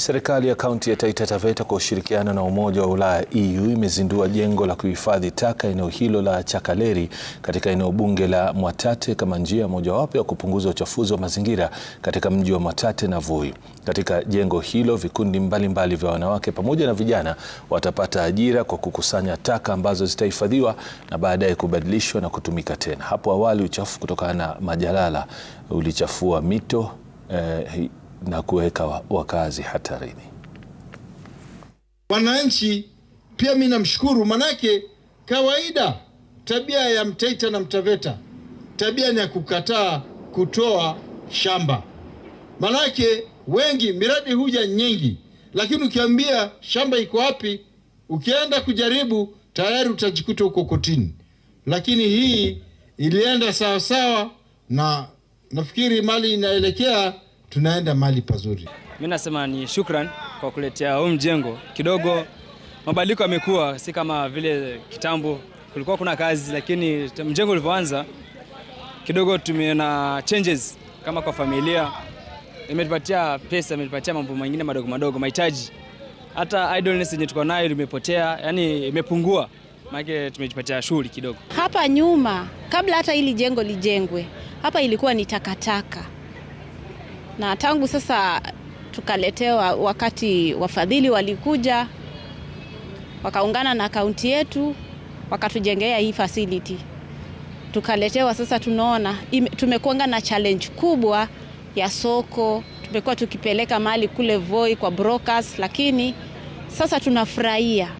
Serikali ya kaunti ya Taita Taveta kwa ushirikiano na Umoja wa Ulaya EU imezindua jengo la kuhifadhi taka eneo hilo la Chakaleri katika eneo bunge la Mwatate kama njia mojawapo ya kupunguza uchafuzi wa mazingira katika mji wa Mwatate na Voi. Katika jengo hilo, vikundi mbalimbali vya wanawake pamoja na vijana watapata ajira kwa kukusanya taka ambazo zitahifadhiwa na baadaye kubadilishwa na kutumika tena. Hapo awali, uchafu kutokana na majalala ulichafua mito eh, na kuweka wakazi hatarini. Wananchi pia mimi namshukuru, manake kawaida tabia ya Mtaita na Mtaveta tabia ni ya kukataa kutoa shamba, manake wengi miradi huja nyingi, lakini ukiambia shamba iko wapi, ukienda kujaribu tayari utajikuta huko kotini. Lakini hii ilienda sawasawa, na nafikiri mali inaelekea tunaenda mali pazuri. Mi nasema ni shukran kwa kuletea huu mjengo. Kidogo mabadiliko yamekuwa, si kama vile kitambo kulikuwa kuna kazi, lakini mjengo ulivyoanza kidogo tumeona changes kama kwa familia, imetupatia pesa, imetupatia mambo mengine madogo madogo, mahitaji hata idleness yenye tuko nayo imepotea, yani imepungua, maana tumejipatia shughuli kidogo. Hapa nyuma, kabla hata hili jengo lijengwe, hapa ilikuwa ni takataka na tangu sasa tukaletewa, wakati wafadhili walikuja wakaungana na kaunti yetu wakatujengea hii facility tukaletewa. Sasa tunaona tumekuanga na challenge kubwa ya soko, tumekuwa tukipeleka mali kule Voi kwa brokers, lakini sasa tunafurahia